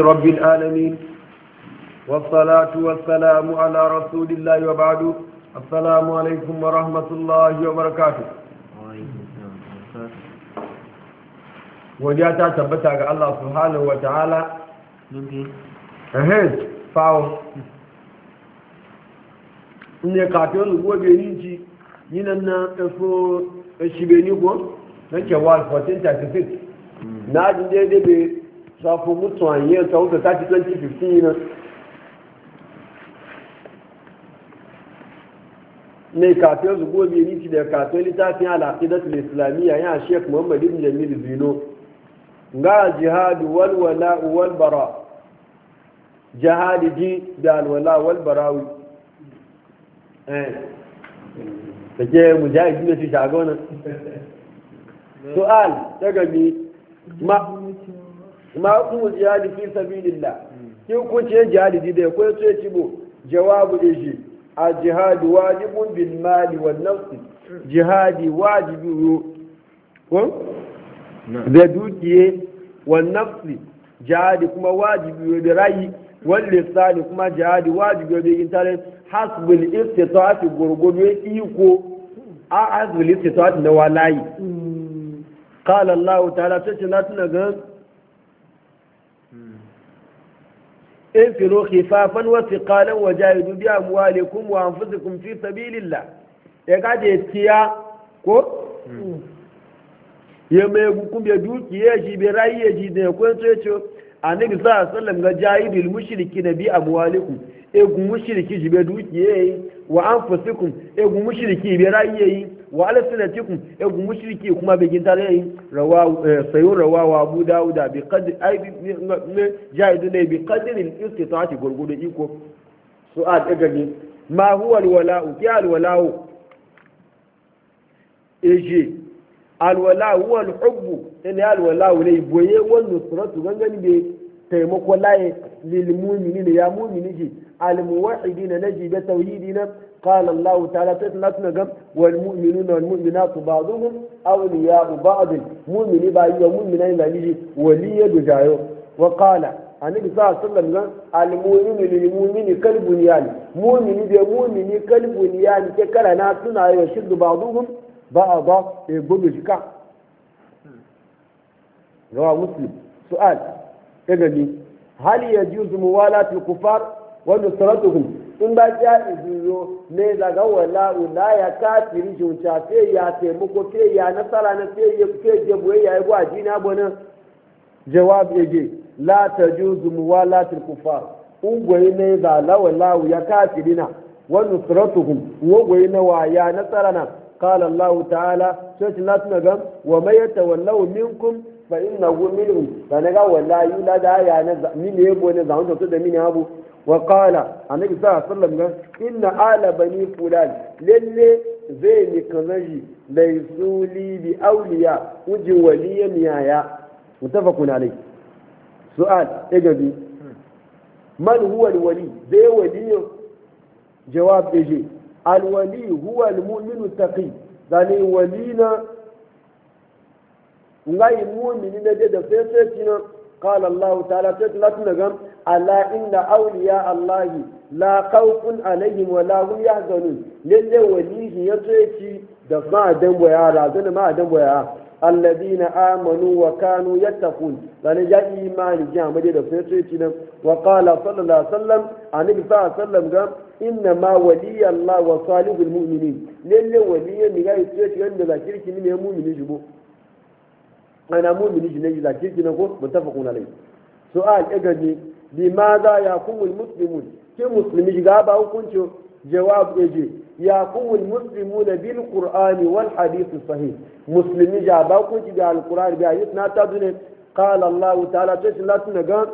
رب العالمين والصلاة والسلام على رسول الله وبعد السلام عليكم ورحمة الله وبركاته وجاء تثبت الله سبحانه وتعالى أهد فاو ne katon gobe yinci yinan na ɗafo shibeni ko na kewal 1436 na jin daidai bai safin mutuwan yin ta wuta ta ci 2015 na ne kafin su gobe ni da kafin littafin da islamiyya ya shek muhammad ibn jamil zino ga jihadu wal wala wal bara jihadi ji da al wala wal barawi eh take mujahidi ne shi shagonan su'al daga mi ma hukumul jihadi fi sabilillah ki hukunce jihadi da ya ce ya cibo jawabu da shi a jihadi wajibun bil mali wal nafsi jihadi wajibu ko da dukiye wal nafsi jihadi kuma wajibu da rayi wal lisani kuma jihadi wajibu da intanet hasbul istita'ati gurgudu iko a hasbul istita'ati na walayi hmm. قال الله تعالى تتلاتنا قال انفروا خفافا وثقالا وجاهدوا بأموالكم وأنفسكم في سبيل الله يقعد يتيا كو yamma ya gukun ya duki ya ji bai rayu ya ji da ya kwanto ya ce annabi sallallahu a wasallam ga jahidul mushriki na bi amwalikum e gu mushriki ji bai duki ya yi wa e mushriki bai rayu ya yi wa ala sunatikum e gu mushriki kuma begin ginta dai rawa eh, rawa wa abu daud bi qadri ay bi jaidu ne bi qadri al-istita'ati gurgudu iko a daga e ne ma huwa al-wala'u ya al-wala'u eje al-wala'u huwa al-hubbu e ne al-wala'u ne boye wannan suratu gangani be taimako laye lil mu'minina ya mu'minina ji al-muwahhidina naji bi tawhidina قال الله تعالى تتنا والمؤمنون والمؤمنات بعضهم أولياء بعض مؤمن بعيد ومؤمن أين لي ولي دجايو وقال النبي صلى الله عليه وسلم قال المؤمن للمؤمن قلب يعني مؤمن للمؤمن قلب يعني تكالا ناسنا يشد بعضهم بعضا إيه، بمجكا رواه مسلم سؤال إيه، هل يجوز موالاة الكفار ونصرتهم in ba ja izuro ne daga wala ula ya kafiri jinta fe ya taimako fe ya nasara na fe ya ke je boye ya yi gwa jina bana jawab yaje la tajuzu muwalatul kufar ungwaye ne da lawala ya na wa nusratuhum ungwaye na waya nasara na قال الله تعالى سورة الناس نقام وما يتولوا منكم فإنه منهم فنقا ولا يولد آيانا من يبو نزعون تقول من أبو Waƙala, qala annabi sallallahu alaihi wasallam ga inna ala bani fulan lalle zai ni kanaji laysuli bi awliya uji waliyan yaya mutafaqun alai su'al egabi man huwa wali. zai waliyo jawab eje alwali huwa almu'minu taqi zani walina ngai mu'mini ne da sai sai kina qala allah ta'ala sai latin gam ala inna awliya allahi la khawfun alaihim wa la hum yahzanun lalle walihi ya ce ci da ma dan boya razana ma dan boya alladina amanu wa kanu yattaqun lalle ya imani ji amma da sai ce ci nan wa qala sallallahu alaihi wasallam annabi sallallahu alaihi wasallam ga inna ma waliya allah wa salihul mu'minin lalle waliya ni ga ce ci wanda zakirki ne mu'mini jibo ana mu'mini ne zakirki ne ko mutafaqun alaihi su'al igani limaza ya kumul muslimun ke musulmi ga ba hukuncin jawab eje ya kumul muslimu na bil qur'ani wal hadithu sahih musulmi ja ba hukunci da alqur'ani bi na ta dune qala allah ta'ala ta shi ga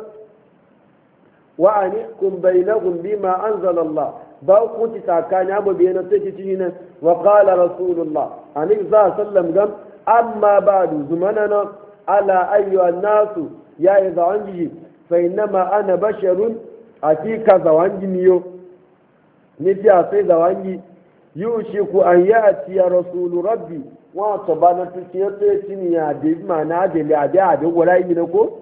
wa anikum bainahum bima anzala allah ba hukunci tsakani ta wa qala rasulullah anik za sallam amma zumanana ala ayyuhan nasu ya idza anjiji fainama ana basharun hakika zawangi niyo a sai zawangi ku an yati ya rasulu rabbi wa to bana tuki ya to tini ni de ma na de le ade ade wala yi ne ko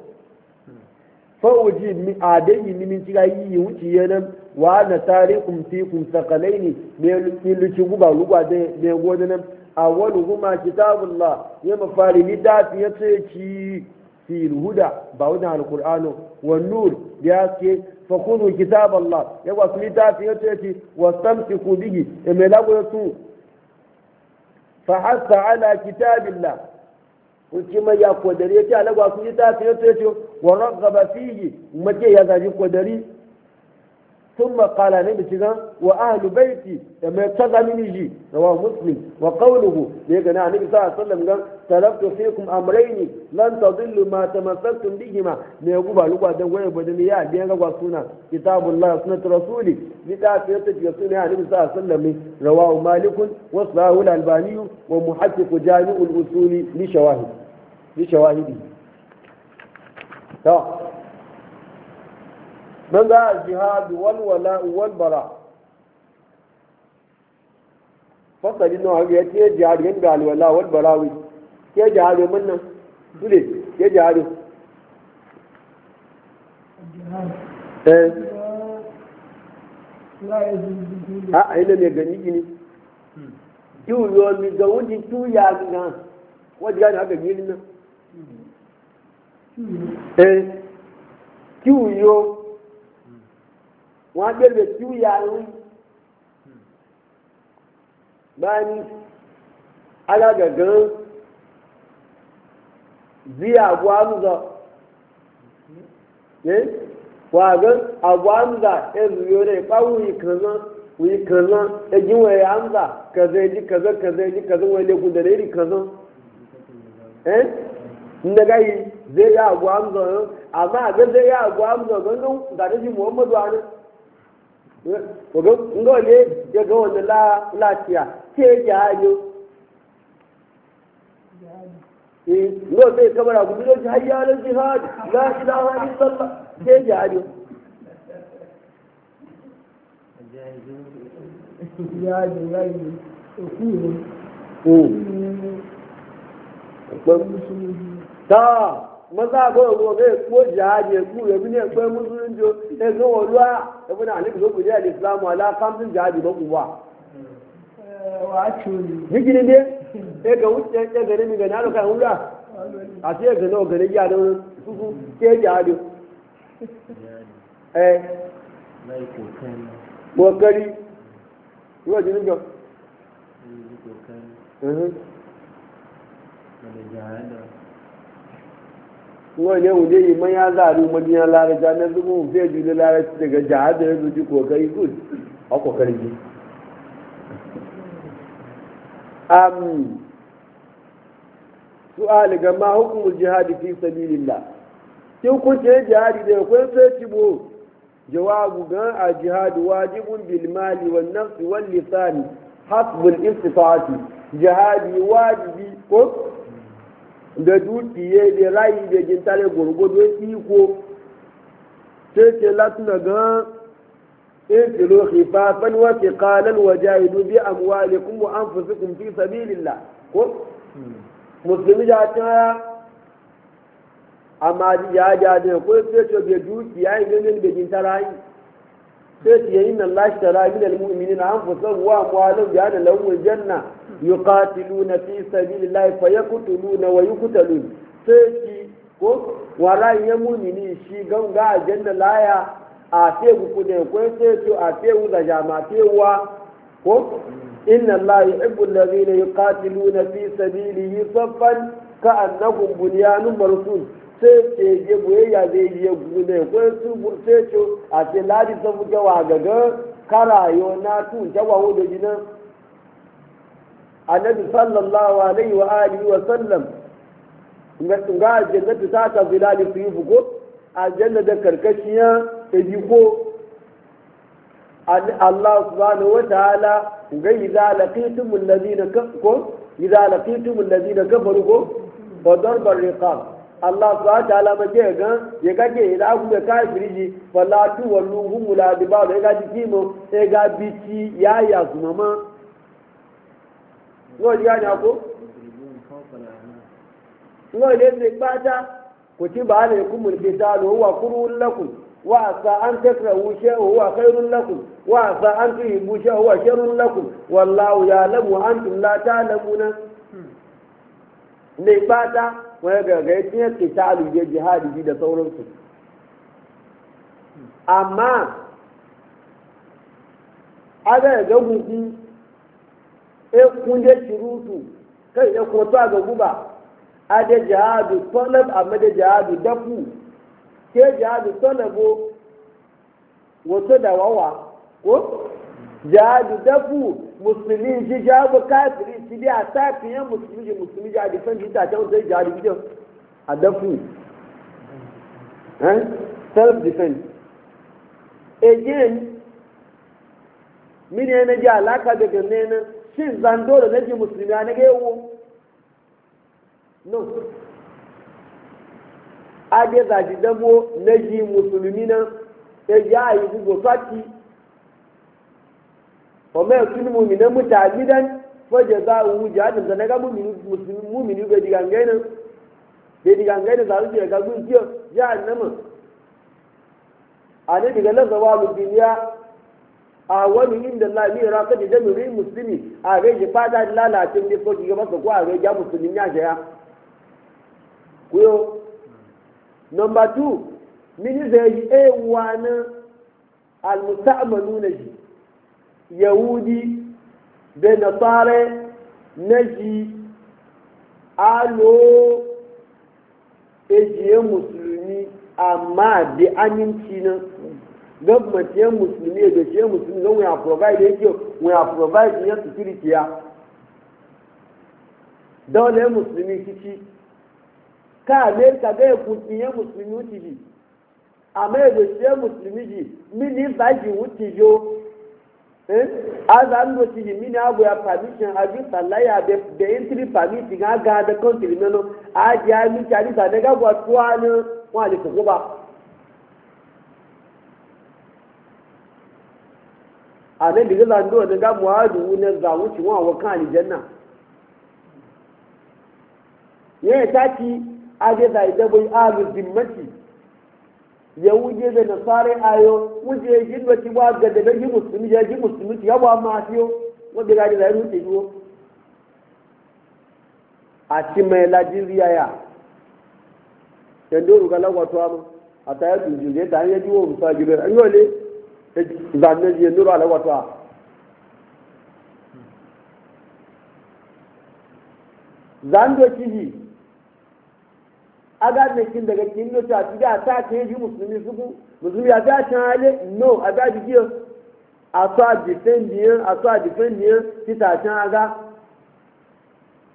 fa uji mi ade yi ni min tiga yi wuci na wa na tarikum fikum sakalai ne luci guba lugwa de ne godanan awwaluhuma kitabullah ya mafari litafi ya to ci في الهدى بعد عن القرآن والنور بياسكي فخذوا كتاب الله يقوى سميتا في يتيتي واستمسكوا به إملاو يسوع فحث على كتاب الله وكما يا قدري على لغوا سميتا في يتيتي ورغب فيه ومتي يا ذا قدري ثم قال نبي تجان وأهل بيتي لما يتزمن يجي رواه مسلم وقوله نعم النبي صلى الله عليه وسلم قال تركت فيكم أمرين لن تضلوا ما تمسكتم بهما ما يقول لك دم وين بدن يا بين سنة كتاب الله سنة رسولي لتعرف يتجي سنة النبي صلى الله عليه وسلم رواه مالك وصلاه الألباني ومحقق جامع الأصول لشواهد لشواهده. طيب. don za a jihadu walwala walbara fasali na ya ce jihadu da alwala walbara wi ke jihadu mun nan dole ke jihadu a a ina mai gani gini kiwu yau mi ga wujin kiwu ya haka gini nan eh kiwu wọn agbèrè tí ó yà ń máa ní alágàgán bí àbọ̀ àmúzọ wà gán àbọ̀ àmúzà ẹ̀rù yóò rẹ̀ pàwọ̀ yi ìkànnà ẹ̀jìn wọ̀ ẹ̀ kaza, kàzẹ̀ ẹ̀jì kàzẹ̀ kaza ẹ̀jì kàzẹ̀ wọ̀ ẹ̀lẹ́kùn dẹ̀rẹ̀ ẹ̀rì kàzẹ̀ ẹ̀ ndaga yi zai yi àbọ̀ àmúzọ amma àgbẹ̀ zai yi àbọ̀ àmúzọ gbọ́ngàn gàdéjì muhammadu àná ngole ya ga wani lafiya ke jayo eh, ngole zai kamar ku biyo ji hayyalar jihad la ilaha illallah ke jayo hmm. hmm. ta maza ba wa ga ko jihadi ya ku ya bine ko musulun jo e ga walwa ibn ali ko ku ya islam ala kamtin jihadi ba ku a. wa eh, chuli higini e ga wuce e, e ga ne mi ga na lo kan a ce ga no ga ne ya da su su ke jihadi eh kokari yau jinin jo kokari wọ́n ilé òun lè yìí ya láàrin ọmọdé yẹn lára já ní ẹgbẹ́ òun fẹ́ẹ́ dúró lára ti tẹ̀gẹ̀ jà á bẹ̀rẹ̀ lójú kò kẹ́rin good ọkọ̀ ga ma hukumul jihadi fi sabilillah ki ce jihadi da kun sai ci bo jawabu ga a jihadi wajibun bil mali wan nafsi wal lisani hasbul istita'ati jihadi wajibi ko Da duti ye de rai de gintale gorgo de iko tete latna ga tete lo khifafan wa thiqalan wa jahidu bi amwalikum wa anfusikum fi sabilillah ko muslimi ja ta amaji ja ja de ko tete de duti ya ngene de gintale sai ce yayin nan lashi tara min almu'minin an fusan wa amwalum bi anna lahum janna yuqatiluna fi sabilillahi fayaqtuluna wa yuqtalun sai ko wala ya mu'mini shi ganga janna laya a fe ku ne ko sai to a fe u da jama'a fe wa ko inna allaha yuhibbu alladhina yuqatiluna fi sabilihi saffan ka'annahum bunyanun marsul sai ce boyayya zai yi gugu ne ko su sai ce a ce ladi ta fuke wa gaga karayo na tu jawa wo da jina annabi sallallahu alaihi wa alihi wa sallam ga tunga da ta ta bilali fi bu ko a aljanna da karkashiya e bi ko Allah subhanahu wa ta'ala ga idza ladina alladhina ko idza laqitum alladhina kafaru ko fa darbar riqab Allah su ha ta alama ke gan ya kake ila ku da kai firiji wala tu wallu humu la di ba da ga ji kimo e ga biti ya ya su mama no ya nya ko no le ne bata ku ti ba ne ku mulki salu huwa kurul lakum wa sa an takrahu shay'a huwa khairul lakum wa sa an tuhibbu shay'a huwa sharrul lakum wallahu lamu antum la lamuna. Hmm. ne bata wani gargaya cin yake ta aluje jihadi da sauransu amma aga ya ga gugu e kunde shirutu kai ya koto a ga guba a da jihadu tolab amma da jihadi dafu ke jihadi tolabo wato da wawa ko jihadi dafu musulmi ji jabu kafiri ti bí àtàkì yẹn mùsùlùmí jẹ mùsùlùmí jẹ àdìfẹ́ǹtì títà àtẹ́wọ́n tó jẹ àdìfẹ́ǹtì àdẹ́fù self defense again mini yana ji alaka daga nena shin zando da nake musulmi na ga yawo no ade za ji dabo na ji musulmi na ya ya yi sati o mai sun mu ne mutane dan fajar za a wuce hadin da na ga mumini bai digangai nan bai digangai nan zaru ke ga gun kiyo jahannama a ne diga lasa wa lubiliya a wani inda la mi ra ka da mi musulmi, a ga ji fada lalacin ne ko ki ga masa ko a ga ya musulmi ya ga kuyo Nomba 2 mini zai e wana al musta'maluna yahudi da nasare na ji alo ejiye musulmi amma da aminci nan gwamnati yan e musulmi e da shi yan e musulmi don wuya provide yake wuya provide yan security ya dole yan musulmi kici ka amerika ga ya kuki yan musulmi wuce ji amma ya da shi yan musulmi ji mini ba ji wuce jo aza ndo yi mini abu ya permission abi salaya be be entry permit ga ga da country nono aji a mi chari sa de ga gwa tuwa ni wọ́n lè koko ba ale bi ga ndo de ga muadu ne za wuci wọ́n wa kan aljanna ye ta ti aje da idabo alu zimmati yahudi da nasare ayo wuje ya gidwa ti wa ga da yi musulmi ya ji musulmi ti yawa ma ti wa wanda ga da yayin ti yo a ti mai lajiriya ya yando ruga lagwa to amu a ta ya tunji ne ta ya ji wa musa gibe an yole zanne ji yando ruga a to a zando kiji aga ne kin daga kin no ta ti da ta ke ji musulmi su ku musulmi ya ta can ale no aga ji a so a defend yin a so a defend yin ti ta can aga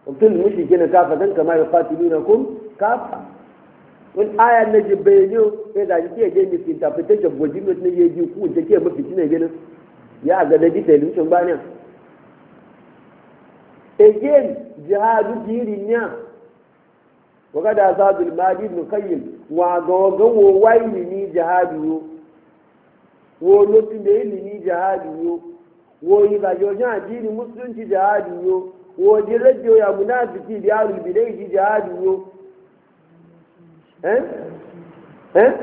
mutum mushi kin ka fa dan kamar ya fatiluna kum fa wani aya na ji bayani ya da ke je ni interpretation bojin mutum ne ya ji ku je ke mafi kina gina ya ga da ji television ba ne again jihadu dirinya وقد أصاب المادي ابن قيم وعقوقه ويلني جهادي ولطم إلني جهادي وإذا جوجان دين مسلم جهادي وجرد يا منافقي بأهل البداية جهادي ها ها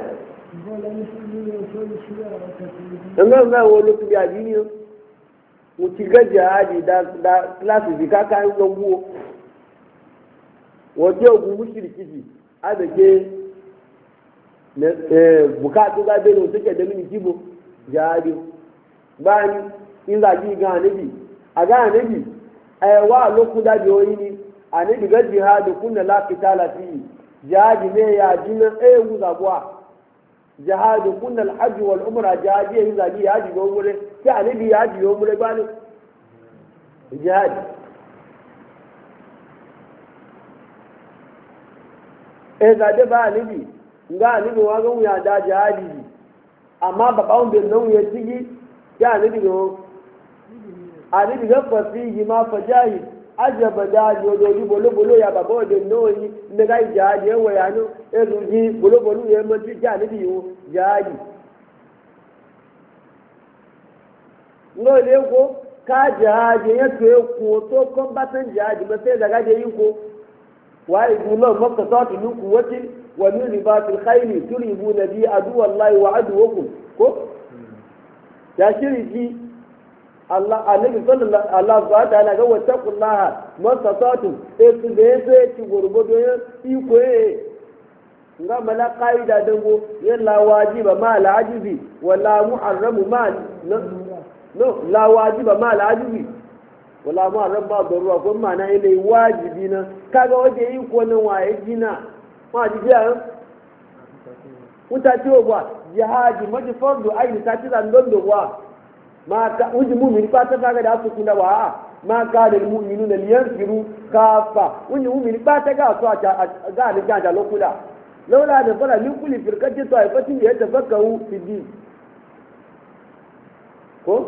nga nga wo lo tubi adini o mo ti gaja adi da da class bi kaka ngo wo wajen ogun mushiriki a da ke eh, bukatu ga bene suke da mini kibo jari bayan in zagi ga anabi ga anabi a yawa lokacin da biyoyi ne anabi ga jihadi kunna ji nan ɗaya eh, wuzabuwa jihadi kunna alhaji wal umra ya yi zagi ya ji yomure sai anabi ya ji yomure e zaje e e e ba alibi nga alibi wa ga wuya da jadi amma ba kawun na nan ya cigi ya alibi go alibi ga fasihi ma fajahi ajaba daji ojoji bolobolo ya baba ode noyi nega jaadi ewe ya no ezuji bolobolo ya ja ka to yi ko وأعدوا لهم ما استطعتم من قوة ومن رباط الخيل ترهبون به عدو الله وعدوكم يا شريكي Allah annabi sallallahu alaihi wa ta'ala ga wa taqullaha masatatu esu da yace ki gurgudo ya iko ye nga mala qaida dango ya la wajiba ma la ajibi wala ma no la wajiba ma la wala ma ran ba ruwa ko mana ile wajibi na kaga waje yi ko nan waye jina ma ji ya eh? uta ci wa jihadi maji fardu ayi ta ci zan don do wa ma ka uji mu'min ba ta faga da su kula wa ma ka da mu'minuna liyanfiru kafa uji mu'min ba ta ga su a ga ni ga da lokula laula da fara min kulli firkatin ta'ifatin ya tafakkaru fi din ko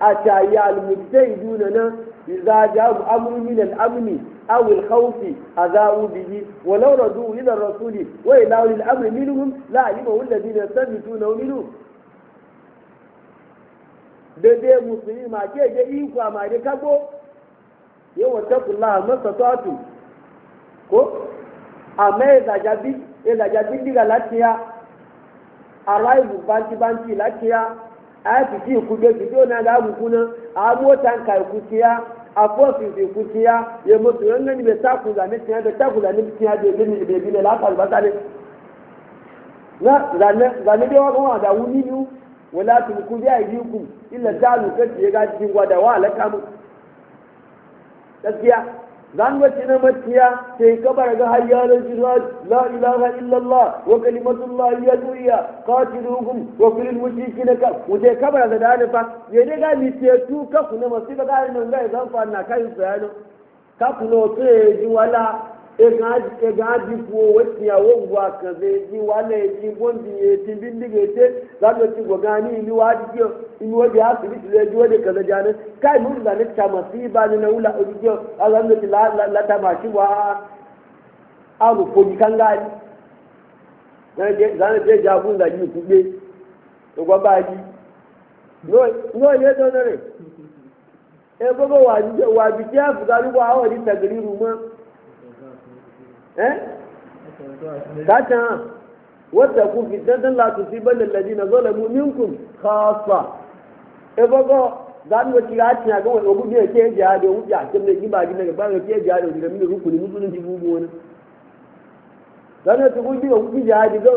a tayi almudai duna nan idza a amru min al-amni aw al-khawf adha'u bihi wa law radu ila ar-rasuli wa ila ulil amri minhum la alimahu alladhina yastabituna da dede musulmi ma ke je iko ma de kago yawa taqullaha masatatu ko amma ya zajabi diga latiya arrival banki banki latiya a ti ci ku be ki na ga ku kuna a motan kai ku tiya a kofin bai ku tiya ya mutu yan gani bai sa ku zane tiya da ta ku zane tiya da gini da gini la ka ta ne na zane ne da wa ko da wuni ni wala tun ku ya yi ku illa lu ka ti ga ti cikin da wa la ka mu gaskiya zangoci na maciya sai kabar ga hayyalar jihad la ilaha illallah wa kalimatullahi ya duriya qatiluhum wa kulil mushrikina ka muje kabar da dani fa ye ne ga mi ce tu ka kuna masu ga ga nan ga zan fa na kai su yana ka kuna to e ji wala ega adikwo wetiyawo ngwa kaze ji wala eji bondi eti bindi gete zalo ti go gani ni wadi yo ni wadi asibiti le ji wadi kaza jana kai na ula ojo azan ti la la ta ma shi wa alu ko ji kanga ni ba e gogo wa wa bi ti afuga Eh? kacan wata ku fitatan la tusiban na zalamu minkum khassa e bago dan wa kira tiya ga wani obu ne ke ja da wuce a cikin da ba gina ba ga ke ja da da mini rukuni mutunin ti bubu wani dan ta ku bi ku ja da ga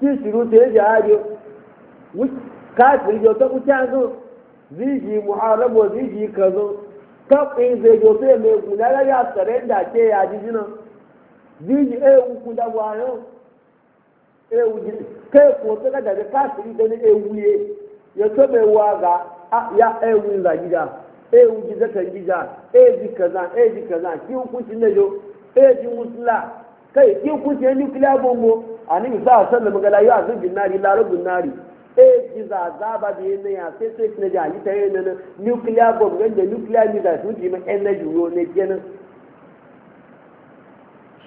ki shiru te ja da wuce kafir jo ta ku ta zo ziji muharabo ziji kazo kafin zai jo mai ya sarenda ke ya bíi ewu kú dáwọ ayọ ewu di kéèkù tó ká dàbí káàkiri tó ní ewu yẹ yẹtọ́ bẹ wọ àgà ya ewu ńlá jíjà ewu jíjà kan jíjà eji kaza eji kaza kí n kú sí lẹ́yọ eji musula kai kí n kú sí ẹni kílẹ̀ gbogbo àní ìfẹ́ àṣẹ lẹ́mọ̀gẹ́lá yóò àti bìnnárì láró bìnnárì eji zazaba da yin ya sai sai na jali ta yin nan nuclear bomb wanda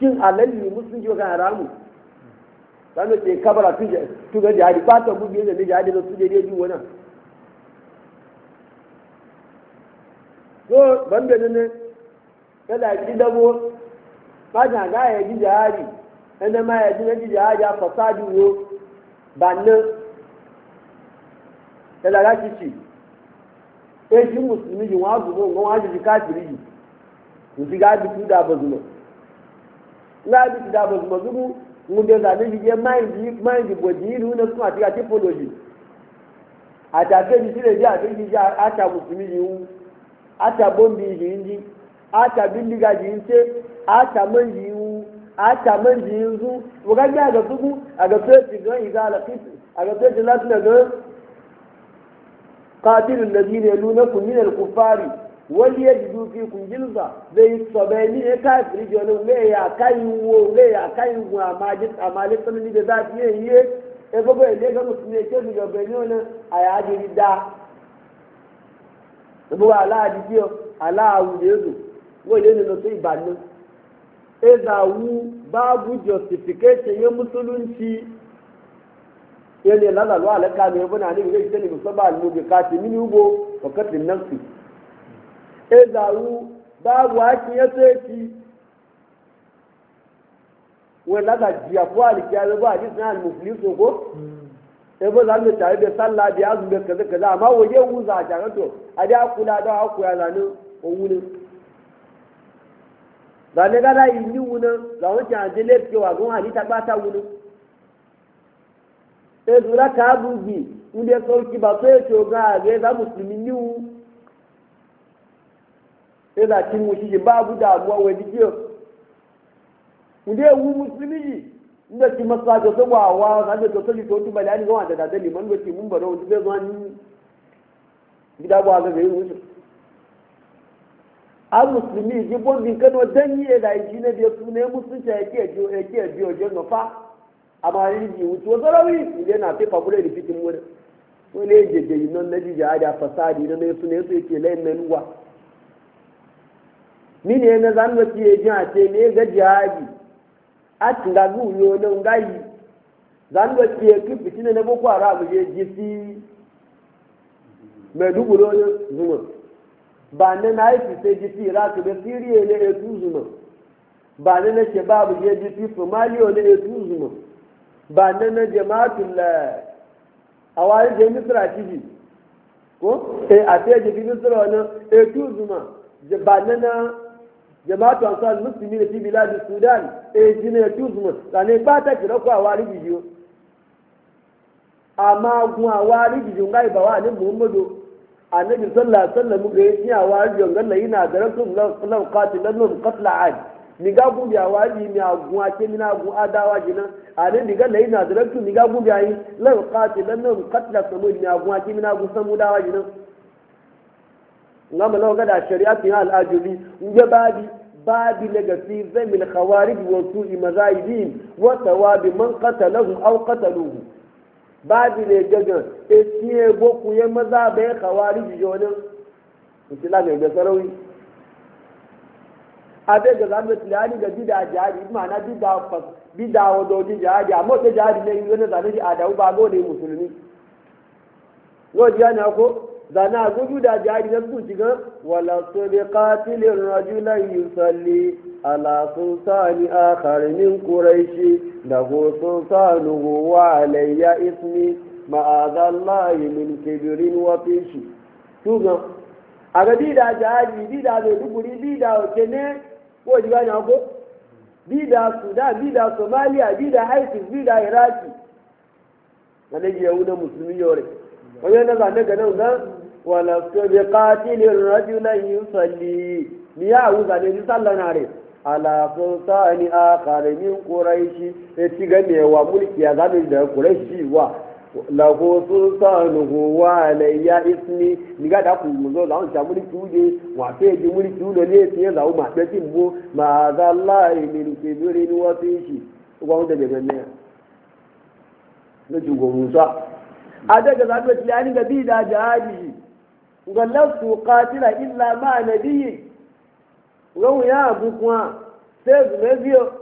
shin alalli musulunci wa kan haramu sanu ce kabara tuje tuga jihadi ba ta biye da jihadi da tuje dai wani so banda ne kada ki dabo ba na ga ya ji jihadi inda ma ya ji na ji jihadi a fasadi wo ba nan kada ga ki ci e shi musulmi ji wa zuwa ngwa ji kafiri ji ji ga bi tuda ba zuwa láàbí ti ìgbìmọ̀ zùmọ̀zùmù ń bẹ zàdé yìí jẹ́ máìndì bòdì ìlú lùnà fún àti àti pòlòjì àti sílẹ̀ jẹ́ àkéjì jẹ́ àtà mi yìí ń àtà yìí ń jí àtà yìí ń ṣe àtà mọ́ǹdì yìí ń àtà mọ́ǹdì yìí ń zú gan ìgbà àlàkìtì látìlẹ̀ gan wali ya jidu fi kun jilza zai sobe ni ne ka firiji wani ne ya kai wo ne ya kai wo amma jin amali sanani da za yi yi e gogo ne ga musu ne ke daga bani wani a ya jiri da e da buga ala adikiyo ala awu da yazo wani ne na sai bani e za wu babu justification ya musulunci yana e lalalu alaka ne bana ne ga ita ne musamman al-mubi kati mini ezawu babu hakin ya so yake wai laka jiya ko ya hmm. bai ba sanarị na almufliso ko sai ba za mu tare da sallah da azumi da kaza kaza amma waje a tare to a da kula da haku ya zanin wuni zane ga da yin wuni za mu ci an jele ka ina cin mu ji babu damuwa wai dikiyo mu dai wu musulmi inda ki masa ga so na wa ga ga so li to tu balani ga wanda da dali man ga ki mun baro wanda zai zo ni gida ba ga zai wuce a musulmi ji bon bin kano dan yi da yi ne da su ne musulunci yake jo yake biyo je no fa amma yi ji na da fitin mu ne ko ne ji na mine na zan wati ya a ce ne e ga jihadi a tinga guyo na ngai zan wati ya ki na boko haram je jisi mai duburo ne zuma ba ne na yi e fi sai jisi iraq siriya e ne ya zuma ba ne na shababu je jisi somaliya ne zuma ba ne na jama'atul a a zuma na jama'atu ansar muslimi da fi biladi sudan e jine tuzmu ne ba ta kira ko awari biyo amma gun awari biyo ngai ba wa ne muhammadu annabi sallallahu alaihi wasallam ga yi awari ngai la ina da rasul sallallahu qatilannum qatla ad ni ga gun biya wari mi agun ake ce mina gun adawa jina ne ni ga laina da rasul ni ga gun a yi law qatilannum qatla samud mi agun ake ce mina gun samu dawaji jina na mu lawa da shari'a fi hal ajuli nge babi babi na ga fi min khawarij wa su'i mazahibin wa thawabi man qatalahum aw qataluhu babi ne gaga e tiye boku ye maza be khawarij jonin islam ne ga sarawi abe ga zamu tilani ga bida jari ma'ana bida fas bida wadoji jari amma ta jari ne yana zane da adawu ba gode musulmi yau jiya ne ko zana gudu da jari na su shiga wala su bi katilin rajulan yusalli ala sultani akhar min quraishi lahu sultanuhu wa alayya ismi ma'adha allahi min kibrin wa fishi tuga aga di da jari di da do duguri di da kene ko jiga na ko di da sudan di da somalia di da isis di da iraki na ne yahuda musulmi yore wani yana zane ganin nan wàlọ̀sọ̀bẹ̀kátílì rọ́jú lẹ́yìn sọ̀lì ní àwúzà ní sísàlọ́nà rẹ̀ aláfẹ́sọ́ ni a kàrẹ̀ ní kúrẹ́ iṣi etí gẹ́mẹ̀ wà múlùkì àgbàmìjẹ́ kúrẹ́ iṣi wà lọ́fọ́sọ́ nùhù wà lẹ́yà ìsinmi nígbàdá kù lọ́wọ́ láwọn ìjà múlùkì wúde wà fẹ́ di múlùkì wúlọ ní ètí ẹ̀zà ọmọ àgbẹ̀tì mbó màdà láàrin ìlú adẹ́gbẹ̀sá tó ti lé ẹni gẹ̀ bí ìdájà ga lasu katila illa ma nabiyyi rawu ya abu kuma sai zume biyo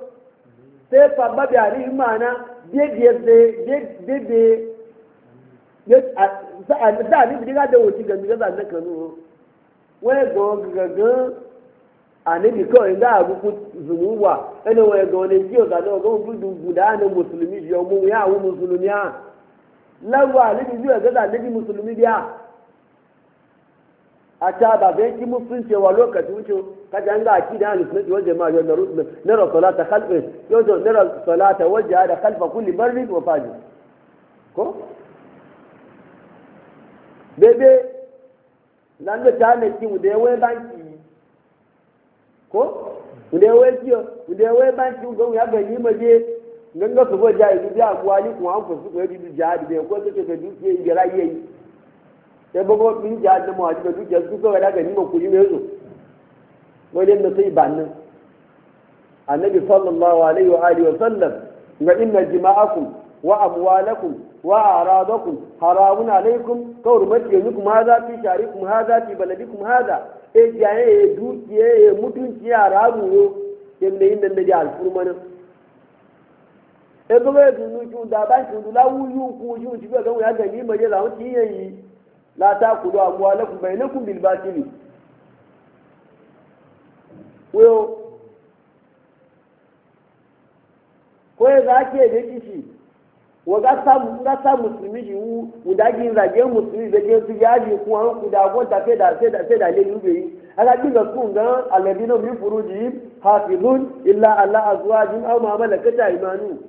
sai fabba bi ari imana biye biye biye biye biye za a ni bi ga da wuci ga ga zan kanu wai go ga ga ani bi ko inda abu ku zumuwa ene wai go ne jiyo ga do go bu du guda ne musulmi yo mu ya wu musulmiya lawa ni bi ga da ne musulmi biya a ta ba bai ki musun cewa lokaci wuce kaji an ga aki da hannun da wajen ma yau na rusunan nara salata kalbe yau da nara salata wajen da kalfa kulli marri wa fajin ko bebe zan da ta ne ki mu da yawai banki ko mu da ki kiyo mu banki ga mu ya gani ma je ganga su ba jayi duk da akwali kuma an fusu ko ya dubi jihadi bai ko take da dukiya ya rayi sai bago min ja da mu ajiba dukiya su kawai daga ni ma kuji ne zo wani da sai bannin annabi sallallahu alaihi wa alihi wa sallam ga inna jima'akum wa amwalakum wa aradakum haramun alaikum ka mace yanzu kuma haza fi sharikum haza fi baladikum haza e jaye e dukiye e mutunci ya rabu yo yanda yin da ji alfurma nan e buga ya tunu ki da ban ki dula wuyu ku shi ku ga ga ya ga ni ma je za mu ci yayi لا تاكلوا اموالكم بينكم بالباطل bai lakum bil batili ko ko ya ke da kishi wa ga samu musulmi ji wu udagi zage musulmi da je su yaji ku an ku da gonta fe da fe da fe da yi aka ga furuji hafizun illa azwajin aw ma malakata imanu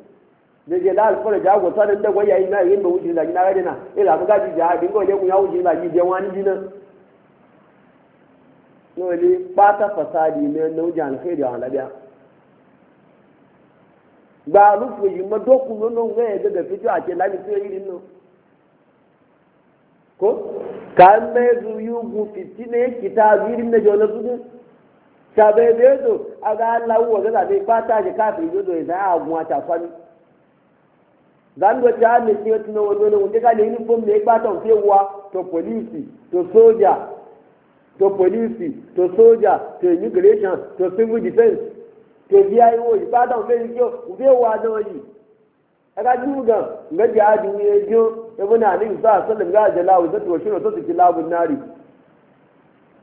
e la alfore ja go tare da go yayi na yin da wuce da gina dina ila ga ji ja din go le kun ya wuce da ji je wani dina no le pata fasadi na no jan khairi ala biya gba lufu yi mo doku no no ga ga ga fitu a la mi so yi no ko kan me yu gu fitine ne jona de do aga ga da be pata je ka bi do do ida agun zango ti a ti o ti na wọlé wọn ka ní uniform ní ipa tó ń fi wa tó polisi tó soja tó polisi tó sójà tó immigration tó civil defence tó bí ayiwo ipa tó ń fi yíyó ń fi wa náà yìí ẹka dúró gan ǹgbẹ́ jẹ́ àdúgbò yẹn jó ebó náà ti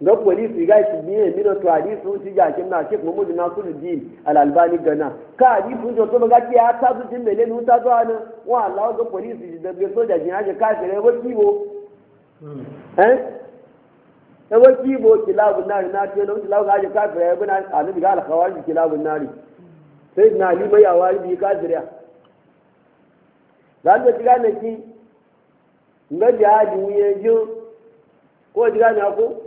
ga polisi ga shi biye mina to hadisi sun ci jakin na shek mamudu na su di al'albani gana ka hadisi sun to ga ya ta su cin mele nun ta zo ana wa Allah ga polisi da ga soja jin haje ka shi rewa kibo hmm. eh rewa kibo kilabun nari na ce nan kilabu haje ka fere bin annabi ga alkhawaji kilabun nari sai na limai a wari bi ka dan da ne ki ngaji ko ne ko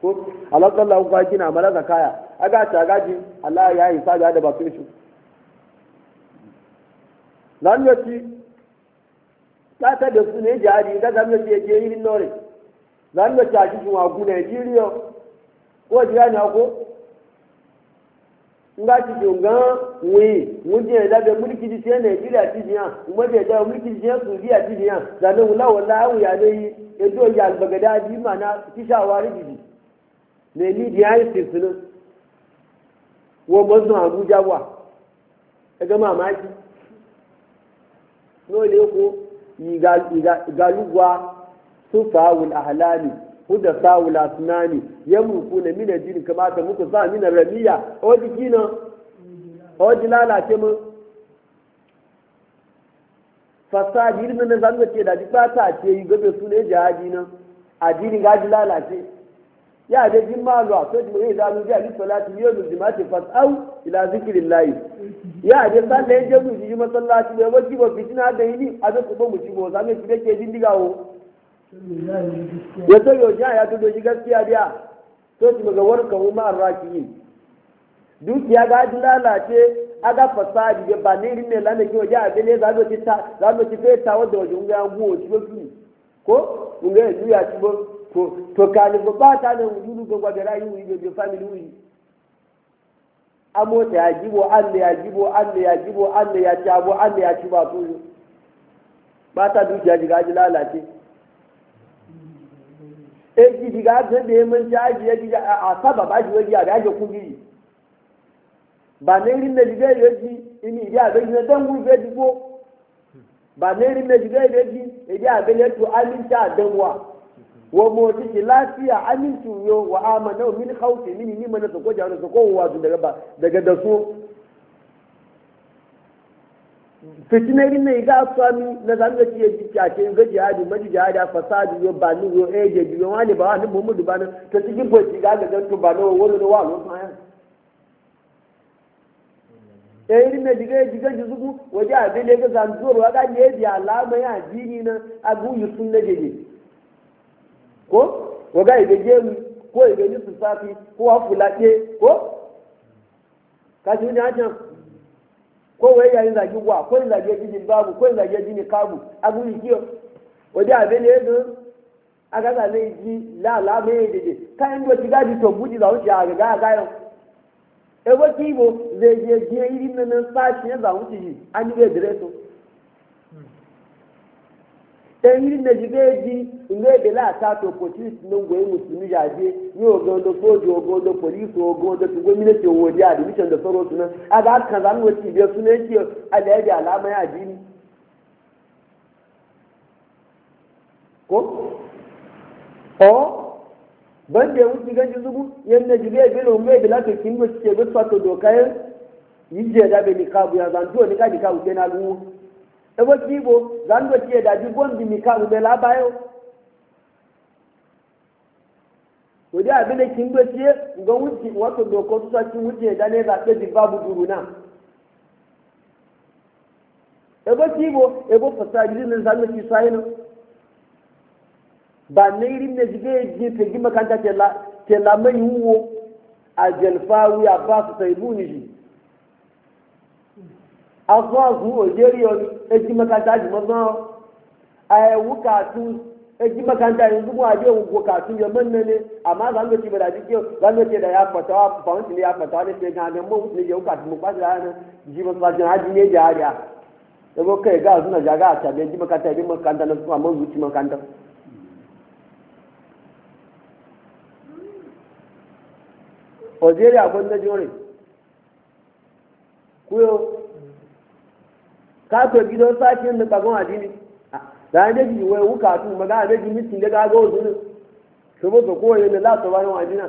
ko Allah sallallahu alaihi wasallam na mala zakaya aga ta gaji Allah ya yi sa da ba su nan yaci ta ta da su ne jari da zan yace je yi nore zan yace a cikin wa ku Nigeria ko jira na ko nga ti jo gan wi mu je da be mu ki ti Nigeria ti jian mu je da su ti ya dai edo ya albagada di mana ti shawari n'eli di isis na wọmọdun abuja wa ẹgbẹ e maa maa ti n'olu eku igalugwa sufa awul ahalali huda sa awul asunani yẹmu ku na mina di nika maa ta muku sa mina ramiya o di kina o di lalace mu fasadi irin na zanga ce da duk ba ta ce yi gobe su ne ji na adi ni ga di lalace ya da jin malu a sai mai da mu ga ni salati yau da jima'ati fasau ila zikrillah ya da sallah ya jamu ji masallaci da wani ba fitina da yini a da kuma mu ci bo za ya to yo ya to doji gaskiya biya to ga warka huma arrakiyin dukiya ga ji lalace aga fasadi ya ba ne rinne lana ki waje a za ta za mu ci feta wadda waje to kalibu ba ta nan wujudu ga gwada rayu yi da family wuri amo ta jibo an da ya jibo an da ya jibo an da ya ci abu an da ya ci ba sojo ba ta dukiya shiga ji lalace e ji diga ta da ya mun shaji ya ji a saba ba ji wajiya ga ake kuji ba ne rin da shiga ya ji ini ya ga ji na dan gufe jibo ba ne rin da shiga ya ji ya e ga ne to an ta wa wa motsi lafiya amincin yo wa amana min khawfi min ni mana sako jaru sako wa su daga ba daga da su fitinari ne ga sami na zan ga ciye ji kace ga jihadi maji jihadi fasadi yo ba ni yo eje eh, ji yo wani ba wani muhammadu ba na ta cikin boci ga ga gantu ba no wani wa lo fa ɗaya rin eh, na jiga jiga ji zugu waje a bele ga zanzuwar wa ga ya biya alama ya jini na agu yi sun na jeje ko waga ibe gemu ko ibe nusu safi ko hafula ɗe ko kashi wani hajjan ko wai yayin zage gwa ko yin zage jijin babu ko yin zage jini kabu abu yi kiyo abe ne yadda aka zane ji lala mai dede to buji a gaga a gayan ebo kibo zai je jiye irin nan sashi ya za tẹ́yìn na ìlú èdè láàtàtò pòtíìsì ló ń wẹ̀ mùsùlùmí yàgbé ní ògùn odò fóòjì ògùn odò pòlíìsì ògùn odò tó gómìnà tó wò dé àdìmíṣẹ́ ndò fọ́rọ̀ tó náà àgbà kan láwọn ohun ìbí ọtún náà ti alẹ́ ẹ̀dẹ̀ àlámẹ́ àdínní. kó ọ bẹ́ẹ̀ ń ti gẹ́jú dúkú yẹn méjìléèjì ló ń ebo kibo zando tie da ji bombi mi ka ube la bayo ne kin kindo tie ngo wuti wato ɗo ko tusa ki wuti e da ne ba te di babu duru na ebo kibo ebo fasa ji ne zando ki sayino ba ne irin ne jige ji te gi makanta ke la ke la mai huwo a jalfawi a ba su ji afọ́ọ̀fù òjèrí ejimakanta jùmọ́gbọ́n àyẹ̀wò kàtún ejimakanta ìdúgbò àdéhùn gbò kàtún yẹn mọ́ nínú àmọ́ àgbàgbé ti bẹ̀rẹ̀ àdíjẹ́ gbàgbé da ya pọ̀tọ́ pọ̀n ti lè ya pọ̀tọ́ ní ṣẹ́gun àmì mọ́ òun ji lè yẹ̀wò kàtún mọ́ pàṣẹ àárín jimakanta àti ní aga àríà ẹgbẹ́ kẹ́ ẹ̀gá àtúnà jàgá àtàbí ejimakanta ejimakanta lọ fún àmọ́ òun kato gido sakin da bagon adini da an daji wai wuka tu maga a daji mitin ndị gaga wasu ne su ba su koyi da za su ba nan adina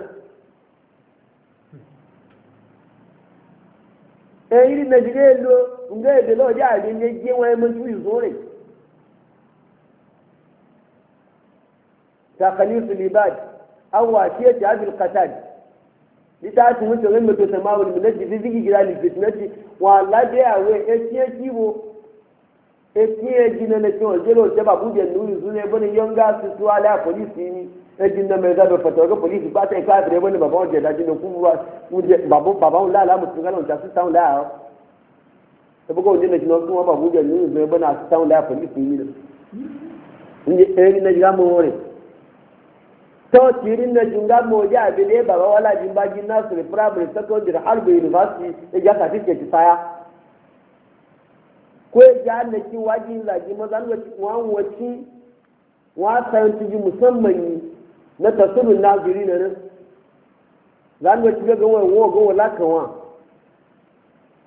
eh iri na jire lo nga ebe lo ja adin ne je wai mun tuyi zore taqalisul ibad awwa tiyati abil qatal ita su mutu rin mutu wa Allah da yawe ya ciye eti eji na nake wajen wajen babu da nuri su ne bane yonga su su ala ni eji na mai zabe fata ga polisi ba ta ka tare bane baba wajen daji ne kuma ba wajen babu baba wala ala mutu ga wanda su taun la ta buga wajen nake nan kuma babu da nuri mai bane su taun ne eri na jiga mu wore to tirin na jinga mu wajen abin da baba wala jin ba jin nasu primary secondary harbi university ya e ka tike ko e ya ji halaki wajin zage maza wawanwaci wasan ji musamman na tasirin naziri na nan zanwaci ga gawa wa gawa lakawa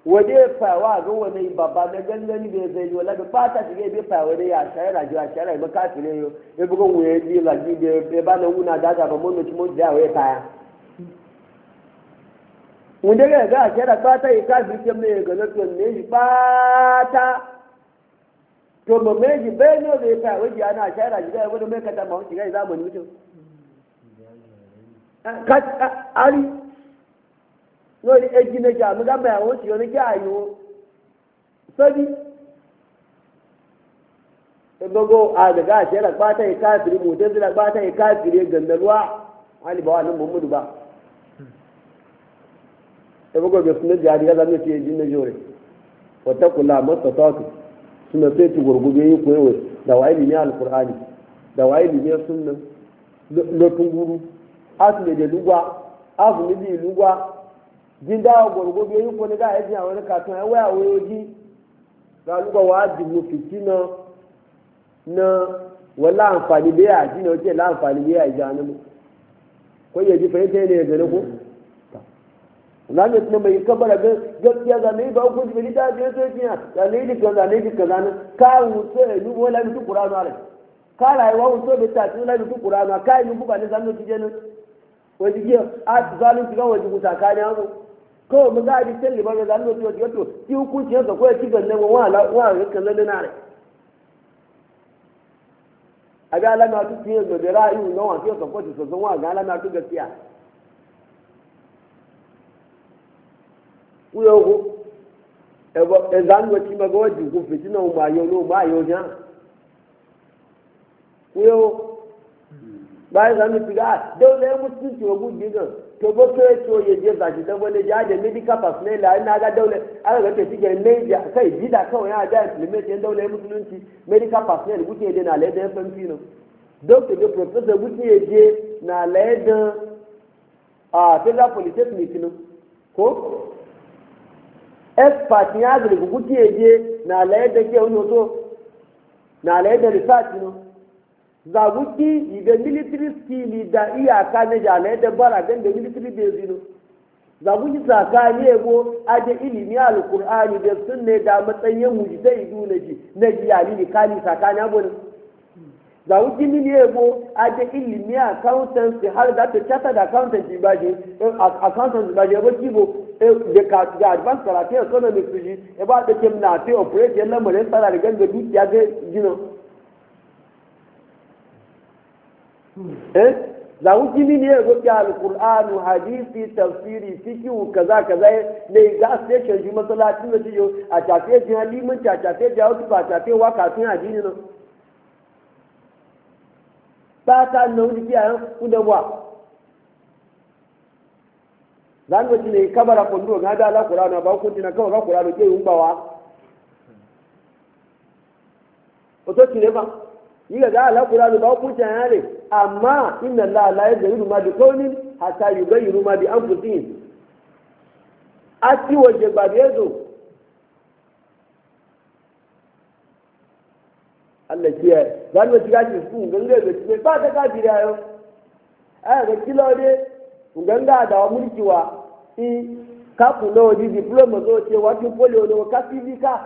wade fawa na yi babba na gangani da ya zai yi wala fata shi ga bai fawa da ya shayar rajuwa a shayar mai kafin ne yau ya bugun wuya ya ji zage da ya ba na wuna da ba mun da ya wanda ga ga ke da fata ya e kafi ke mai ga na to ne fata to ba mai ji bai no da ya waje ana shara shi ga wani mai kata ma wani ga zamani mutum ari no ni eji na ja mu ga mai awon ti oni ga ayo sodi ebogo a ga ga ke da fata ya e kafi mu da da fata ya e kafi ga na ruwa wani ba wani muhammadu ba sai ko be sunna jari ga zanne tiye jinna jore wata kula masa tatu suna sai ti gurgube yi koyo da wai limi alqur'ani da wa wai limi sunna lo tunguru asle da lugwa asle da lugwa jinda gurgube yi ko ne ga yaji awon katon ai waya woyoji ga lugwa wa dibu fitina na wala amfani da ya ne wace la amfani da ya yaji anamu ko yaji fa fahimta ne ga ne ko zane tuna mai kabara da gaskiya zane ba ku ji ta ce sai kiya zane ji ka zane ji ka zane ka wuce ni wala mi tukura na ka rayuwa wuce be ta ce la mi tukura ka ni ku ba ne zane ti jenin waji giya a zalim ti ga waji ku ta ka ne amu ko mu ga di telle ba ga zane to to ti ku ci ga ko ti ga ne wa la wa ga kan ne na re aga la ma tu ti ga be ra'ayi no wa ti ga ko ti so wa ga la tu gaskiya uyogo ebo ezanwe chima go ji ku fitina o ma yo lo ma yo nya uyo bai zami piga do le mu ti ti o bu to bo ke to ye je ba ji da bo le ja de medical personnel la ah, na ga dole ala ga ke ti ne ja kai ji da kawai ya ja implement en dole musulunci medical personnel ku ke de na le de fm no doctor de professor ku ke je na le de a ah, federal polytechnic no ko expert ya zuri ku kuke na layar da ke wani hoto na layar da research no zaguki da military skill da iyaka na ja layar da bara gan da military base no zaguki tsakani ebo aje ilimi alqur'ani da sunne da matsayin mujtahid na ji na ji ali ne kali tsakani abo ne zaguki mini ebo aje ilimi accountancy har da ta chata da accountancy baje eh, accountancy baje ebo kibo da kasu da advance karate economics su ji ya e ba da kim na fi operate yan lamarin tsara da ganga dukiya ga gina eh za ku e kimi ne ga ya alqur'anu hadisi tafsiri fiqh kaza kaza e, ne ga station ji masallacin da jiyo a tafe ji halimin ta tafe da wasu ba tafe wa kafin addini nan ba ta nan ji ya kun da wa zan ga ne kabara kondo na da ala qur'ana ba ko tina kawai ga qur'ana ke yumba wa o tine ba yi ga ala qur'ana ba ko tina yare amma inna allaha la yaghyiru ma bi qawmin hatta yughayyiru ma bi anfusihim ati wo je gbabi ezo Allah kiyaye zan ga tiga ci su gangan ga ci ba ta ka jira yo a ga kilode nganga da wa mulki wa i kapu lo di diploma zo ce wa tu pole lo ka filika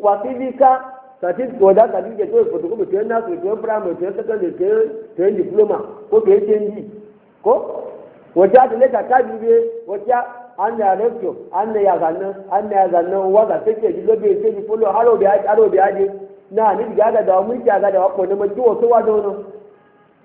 wa filika sati to da ka dinge to foto ko to na ko to primary to secondary to to diploma ko to HND ko wata da leta ta bibe wata an ya rekto an da ya zanna an da ya zanna wa ga take di lobe ce di polo haro bi haro bi aje na ni ga da da mulki ga da wa ko ne ma ki wa to wa da wannan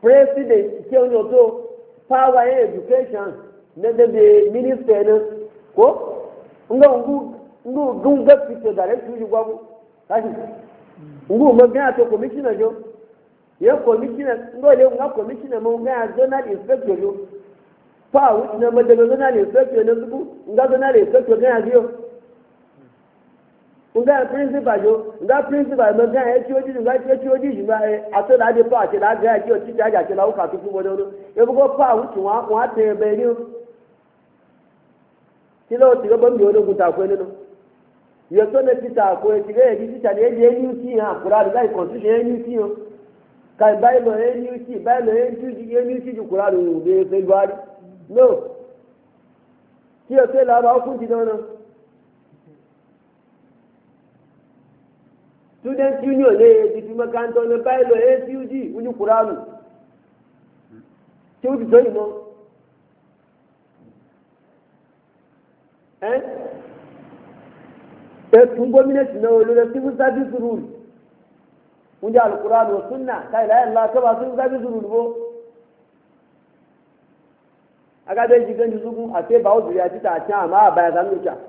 president nke onye to power and education na be minister na ko nga ngu ngu gun ga fito da rai tuji gwabu kashi ngu ma ga to commissioner jo ya commissioner ngo le nga commissioner mo ga zonal inspector jo pa na madalo zonal inspector na zuku nga zonal inspector ga ya nga prinsipa yo nga prinsipa mo nga echi oji nga echi echi oji ji ma e ato na de pa ti na ga echi oji ti aja ti na uka tu fu mo do e bu ko pa wu ti wa wa te be ni o ti lo ti bo mi ologun ta ko ninu yo to ne ti ta ko e ti ga e ti ta de ha kura de ga constitution e ni ti ka bible e ni ti e ni ti e ni ti ju be o se la ba ku ti do student union eh, ne ya jifi makaranta wani bayan da ya fi uji wani kuranu tí ó ti sọ́yìn mọ́ ẹ́ eh? ẹ̀tún gómìnàtì náà olórí civil service rule ń jẹ́ alukuraanu sunna káyìlá ẹ̀ ńlá kọ́ba civil service rule bó àti àti tààtì àmà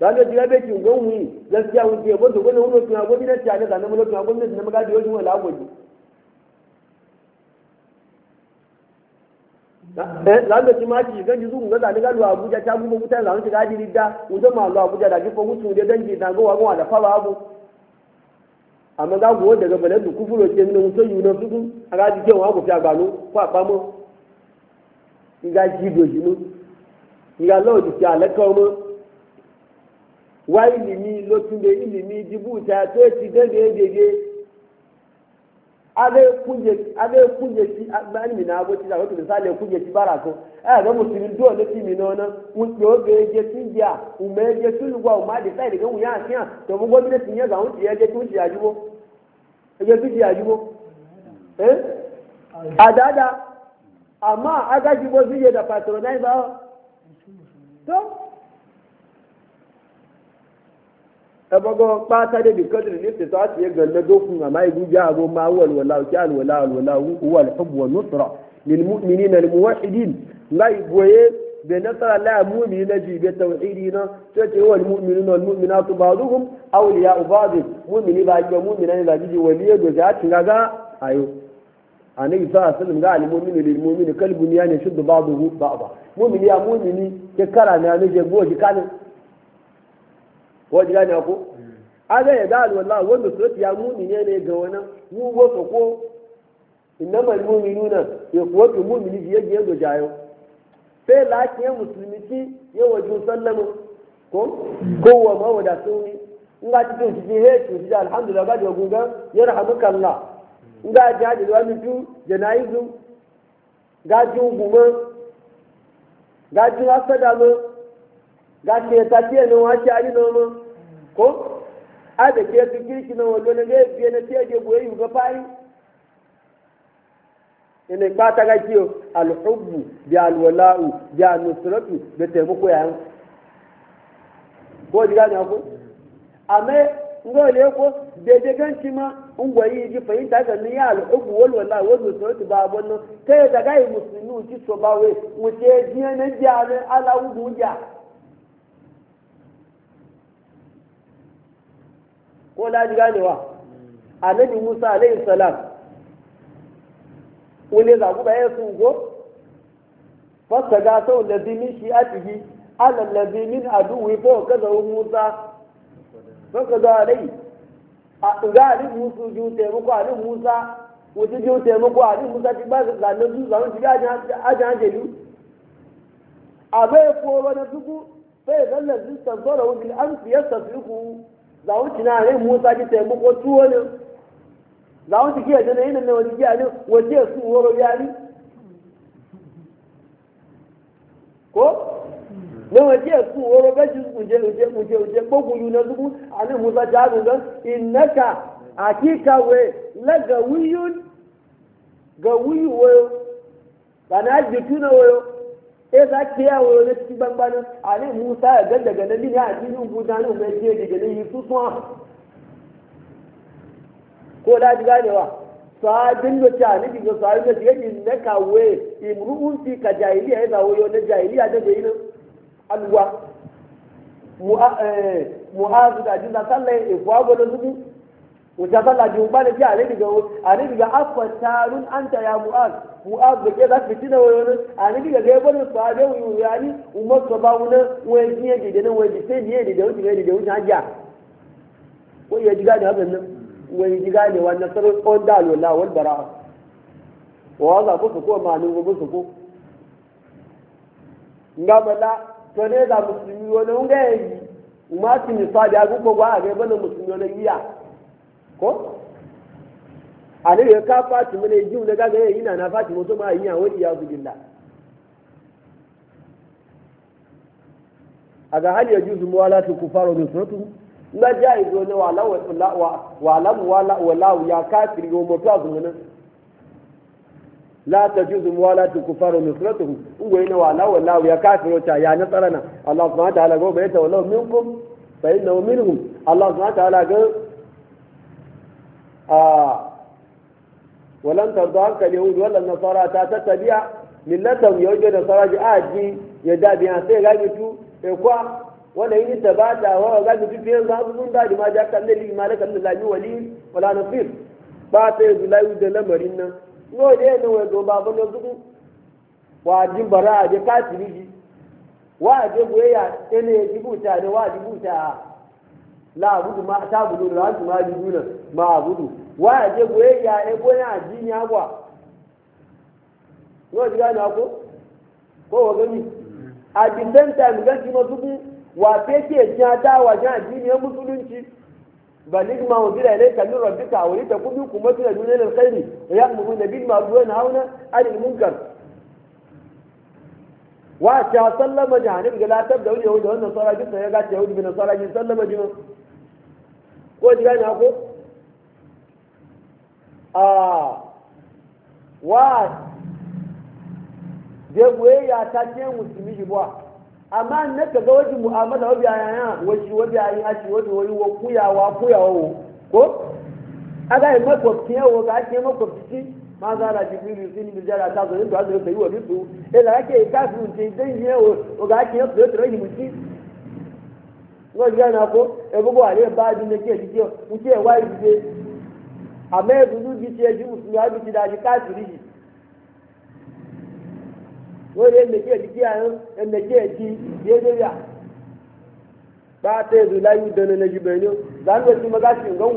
ba eh, da jira bai kin gonwi gaskiya mun je wato gwanin wani tuna gwamnati ta ne da mun tuna gwamnati na magadi wajen wala gwaji zamu ci maki ganji zuwa ga zane abuja ta gumo mutane zamu ci gaji ridda uzo ma abuja da gifo mutu na go wagon da fara abu amma ga go daga balan du kufuro mutu yu na su a wa go fi agbanu ji mu lo ti wa ilimi lotunde ilimi jibuta to ti gege gege ale kunje ale kunje ti agbani mi na abo ti da ti sale kunje ti bara ko e ga muslimin do le ti mi no na un yo ge je ti ja u me je tu lu wa u ma de sai de ga u ya ti an to mo go mi ti yen ga un ti je tu ti ajubo e je tu ti ajubo eh adada amma aga jibo zuje da patronize ba to sabago kpata da bikadar ne ta ta ce ganda dokun amma ibu ja go ma wal wala ki al wala al wala huwa al hub wa nusra lil mu'minin al muwahhidin la iboye da nasara la mu'minina ji bi tauhidi na to ce wal mu'minuna wal mu'minatu ba'duhum awliya ba'd mu'mini ba ga mu'mina ne da ji waliye do ja tinga ga ayo annabi sallallahu alaihi wasallam ga al mu'minu lil mu'mini kal yani shuddu ba'duhu ba'da mu'mini ya mu'mini ke kara ne ne je goji kanin ko ji gane ko aga ya da wallahi wanda su ya muni ne ga wani mu wato ko innama nuna ya kuwa muni ne biye biye do jayo sai ya musulmi ti ya waje sallama ko kowa wa ma wada sauni in ga cikin cikin he to da alhamdulillah ba da gugan kalla in ga jaji da wani tu janaizu ga ji guma ga ji asada mu gashi ya tafi yana wace ari noma ko a da ke su kirki na wato na biye na tege goye yi ga fayi ina fata ga kiyo alhubbu bi alwala'u bi annusratu da taimako yayin ko na ko ame ngole ko de de ganci ma ungwayi ji fahimta ga ni alhubbu wal wala'u wal nusratu ba bonno kai yi so na ala ko laji ganewa annabi musa alayhi salam wani zaɓu ba ya su go fasta ga sau lazi min shi a ciki alal lazi min aduwi ko kaza musa ka kaza alayhi a ga alin musu ju taimako alin musa wuti ju taimako alin musa ti ba zanen su zanen ti ga ajiyar ajiyar a bai koro na duku sai zallar zistan sauran wajen an fiye tafi ku zawon ci na rai musa ji taimako tuwo ne ni ci kiyar jana yanar na wani giya ne wace su woro yari ko na wace su woro gashi uje uje uje uje gbogbo na zubu a nan musa jaru don innaka hakika we la ga wiyun ga wiyu wayo ba na jitu na wayo e za ki ya wo ne ci bangbanin ali musa ya ganda ga nan ne a cikin gudanar mai je daga nan yi su a. ko da ji ganewa sajin da ta ni diga sajin da ya ji imru'un fi ka jahiliya ya zawo yo na jahiliya da bai nan alwa eh, mu'azu da jin sallai e kwa gwada zubu wata falla ji ba da ji a rabi a rabi afwa tarun anta ya mu'az mu'az da ke za fiti na wayo a rabi ga gaya bani su abe wuyu yani umar ka ba wuna wani ne, da dana wani sai ne da wuce ne da wuce hajiya ko ya ji ne hakan nan wani ji gane wani nasarar tsawon da alwala wani bara'a wa za ku su ko su ko nga bala to ne za musulmi wani wunga yayi umar su misali a gukwa gwa a gaya bani musulmi wani ko ale ya ka fati mene jiw na gaga yayi na na fati mutum ma yiya wani ya billah aga hal ya juzu muwalatu kufaru min suratu na jaiz wa wala wa wala wala ya azumun la muwalatu kufaru na wala wala ya ta ya nasarana allah subhanahu wa ta'ala go wala minkum fa innahu minhum allah subhanahu wa ta'ala a walan tarzo hankali yahudu wallan nasara ta tattabiya millatan yahudu da nasara ji a ji ya da biya sai ga mitu e kwa wala yin tabata wa ga mitu fiye za su sun dadi ma ja kan dalili ma da kan dalili wali wala nasir ba ta yanzu da lamarin nan no da yana wai zo babu na zuku wajin bara a je katiri ji wa a je goyayya ɗaya ne ya ji buta ne wa a ji buta la abudu ma ta abudu la ti ma di duna ma abudu wa ya je ko ya e ko na ji ni agwa no di ga na ko ko wa gani mm. a di den ta mi ga ki mo dubu wa pe ki e ja ta wa ja ji ni e mu sulunci balig ma wa dira ilayka nur rabbika wa lita kubi kumatu la dunal khairi ya mu nabi ma duna hauna ali munkar wa ta sallama jahanib ga latar da yahudi da wannan sara gisa ya gace yahudi bin sara gisa sallama jima ko ji gani ko a wa jegwe ya ta ce musulmi jibwa amma na ka ga wajen mu'amala wabi a yana wajen wabi a yi hashi wajen wani wa kuyawa kuyawa ko aga yi makwabci yawo ga ake makwabci Mazana za la jibril sin bi jara ta zo ndo azo bayu bi tu ila yake kafu je dai ne o o ga ke so to rai muti wo ga na ko e ba di ne ke dije mu ke wa dije ame dudu bi ti eju musu abi ti da ji kafu ri wo re me ke dije ayo e me ke ji je e de ya ba te du la yu de ne jibril dan wo ti maga shi ngon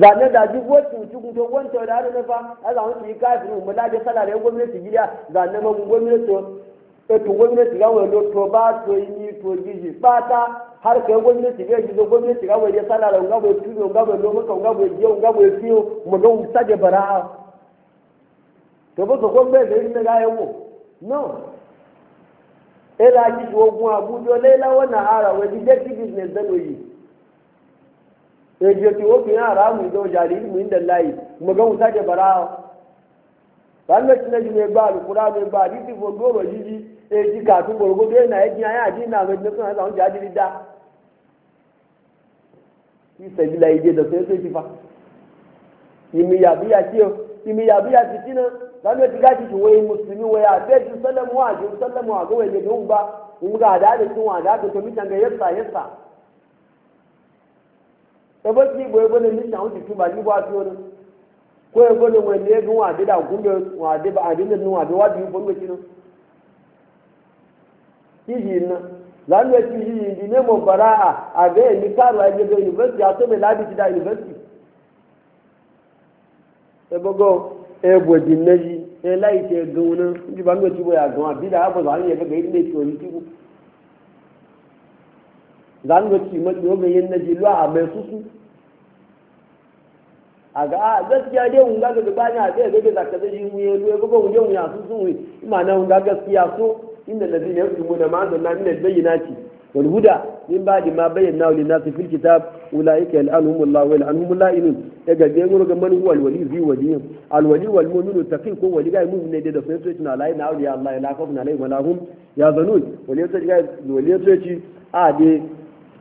zane da duk wacce mutu na togon to da hada nafa a zama su yi kafin mu da je sallah yan gwamnati gida zane ma gwamnati to eh, to gwamnati ga wani to ba to yi to giji fata har kai gwamnati ga gizo gwamnati ga wani sallah da ngabo tuyo ngabo lo maka ngabo yau ngabo fiyo mu ga saje bara'a to ba ko gwamnati ga yawo no ela eh, lela ara we di business da yi ejiyo ti ara mu ramu zo jariri mu inda layi mu ga wuta da barawa wannan shi na jime ba alkura mai ba hadisi ko goro jiji e ji katun gorgodo yana yi jiya yana ji na mai suna zama jariri da shi sabi layi na da sai sai shi fa imi ya biya ce imi ya biya ci tina zanen ti gaci shi wai musulmi wai a sai ji sallamu a ji sallamu a ga wai ne ba mu ga da da cin wa da to ga yassa yassa ebe a ìbò ebe ní níṣà ń tutù bàjú bá tí ó ní kó ebe ní wọn ní egun wọn àdédà gúnbẹ wọn àdébà àdédà nínú wọn àdéwà bí ipò méjì nù. yíyí iná lánàá etí yíyí ìdí ní mo bàrà à àbẹ èmi káàrọ̀ ẹgbẹgbẹ yunifásitì àtọ́mi láti ti da yunifásitì. ebogo ebo di nneji ẹ e láì tẹ gan náà níbi ba ń gbé tí wọ́n yà gan àbídà àbọ̀dọ̀ àwọn yẹn gẹ́gẹ́ ilé ìtòrí kíkú zanu ti mọ ti o gẹyẹ nẹji lọ àmẹ susu a ga a ah, gaskiya dai mun ga gaba ne a ga ga zaka da shi mu yelo ko ko mun ya su sun ima na mun ga gaskiya so inda ladina yusmuna ma zanna min albayyinati wal huda min ba'di ma bayyana lin nas fil kitab ulaika yi Allah wa yal'anuhum la'inun daga ga mun ga man huwa alwali zi wali alwali wal mu'minu taqin ko wali ga mun ne da sai sai na layi na la'ina awliya Allah la khawfun alaihim wa hun ya zanun wali sai ga wali sai ci a dai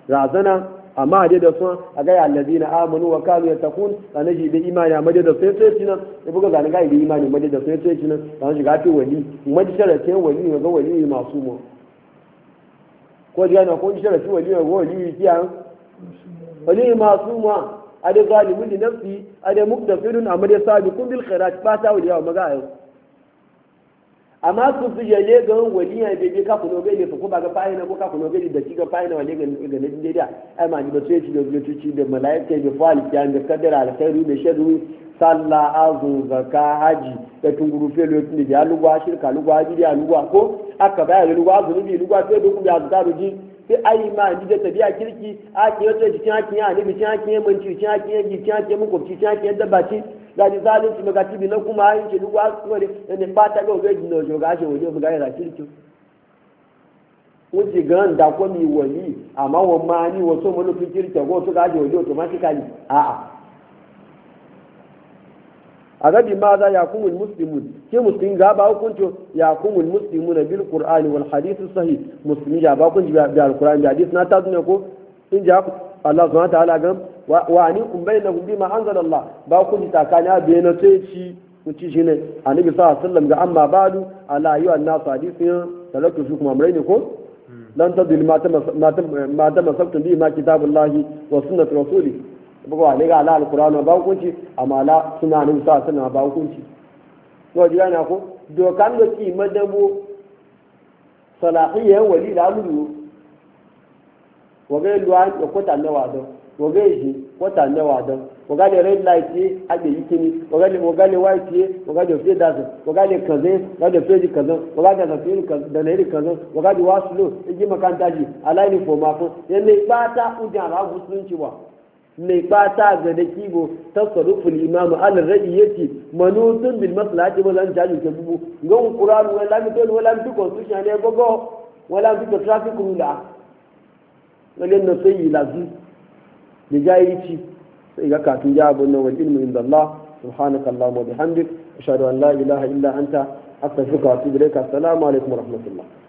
razana amma a da sun a gaya allazi na amanu wa kanu ya takun a na da imani a dai da sai sai nan ya buga zani ga da imani amma dai da sai nan ta kana shiga fi wali kuma ji wali ne ga wali masu mu ko ji ana ko ji sharace wali ne ga wali kiya wali masu mu ade zalimin li nafsi ade muktasirun amma dai sabiqun bil khairat ba ta wuliya wa ayo amma su su yaye ga waliya da bi kafin oge ne su ko ba ga fa'ina ko kafin oge da ci ga fa'ina wale ga ga ne a ai ma ni ba sai shi da zuci da malaika da fa'al kiyan da kadara alkhairu shi sharru salla azu zaka haji da tunguru fe lo tuni da lugwa shirka lugwa haji da lugwa ko aka ba ya lugwa azu ni lugwa fe do ku ya zuka ruji sai ai ma ji da tabiya kirki a ki yato cikin hakin ya ne bi cikin hakin ya manci cikin hakin ya cikin hakin ya mukwabci cikin hakin ya gaji zalunci ba gaci bi na kuma hayin ce duk wasu wani ne fata ga ogai jina ojo ga ashe ojo ga yana kirki wuce gan da ko mi wali amma wa ma ni wa so mu lukin kirki ko to ga ashe ojo automatically a'a a gabi ma za ya kumul muslimun ke muslimin ga ba hukunci ya kumul muslimuna bil qur'ani wal hadith sahih muslimin ya ba kun ji bi al bi hadith na ta ko in ji Allah subhanahu wa ta'ala gan wa ni kun bai na gumbi ma'an zan Allah ba ku ji takani a biyu na sai ci ku ci shi ne a nabi sa sallam ga amma badu ala yi sadi nasu hadisin talaktu su kuma murai ne ko lan ta dul ma ta masabtun bi ma lahi wa suna rasuli buga ne ga ala alquran ba hukunci amma ala suna nabi sa sallam ba hukunci ko ji yana ko dokan da ki madabo salahiyyan wali da amuru wa ga yadda ya kwata na wadon wọ́gá èyí wọ́tà mẹ́wàá dán wọ́gá lè red light yé agbè yìí kíni wọ́gá Wa wọ́gá lè white yé wọ́gá lè fẹ́ dazẹ̀ wọ́gá lè kànzẹ́ wọ́gá lè fẹ́ẹ́dì kànzẹ́ wọ́gá lè kànzẹ́ dànẹ́rì kànzẹ́ wọ́gá lè wá sùlò èyí makanta jì aláìní fòmà fún yẹn lè ọjà àrà gùsùn ti wà lè kpáta àgbẹ̀dẹ kíbo tọ́sọ̀rọ̀ fúli ìmáàmù alẹ́rẹ́ ìyẹ́tì mọ̀nú tó ń wọn láti tó wọn láti constitution traffic da jayici sai ga katun ja a nan wal ilmu inda Allah subhanaka Allahumma bihamdik ashhadu an la ilaha illa anta astaghfiruka wa atubu ilaik assalamu alaikum wa rahmatullah